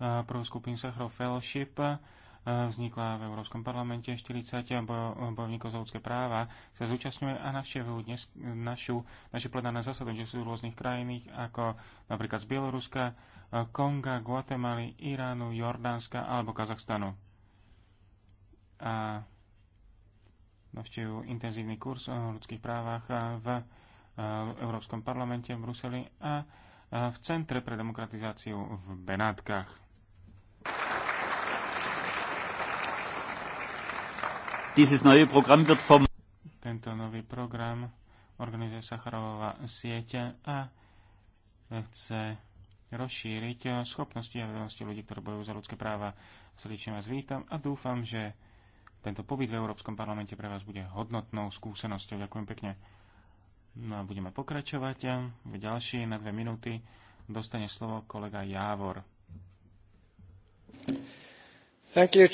prvú skupinu Sachrov Fellowship vznikla v Európskom parlamente 40 bojovníkov za ľudské práva sa zúčastňuje a navštevujú dnes našu, naše plenárne zasadnutie sú z rôznych krajín ako napríklad z Bieloruska, Konga, Guatemaly, Iránu, Jordánska alebo Kazachstanu. A navštevujú intenzívny kurz o ľudských právach v Európskom parlamente v Bruseli a v Centre pre demokratizáciu v Benátkach. Dieses neue Programm wird vom Tento nový program organizuje Sacharová sieť a chce rozšíriť schopnosti a vedomosti ľudí, ktorí bojujú za ľudské práva. Srdečne vás vítam a dúfam, že tento pobyt v Európskom parlamente pre vás bude hodnotnou skúsenosťou. Ďakujem pekne. No a budeme pokračovať. V ďalšie na dve minúty dostane slovo kolega Jávor. Thank you,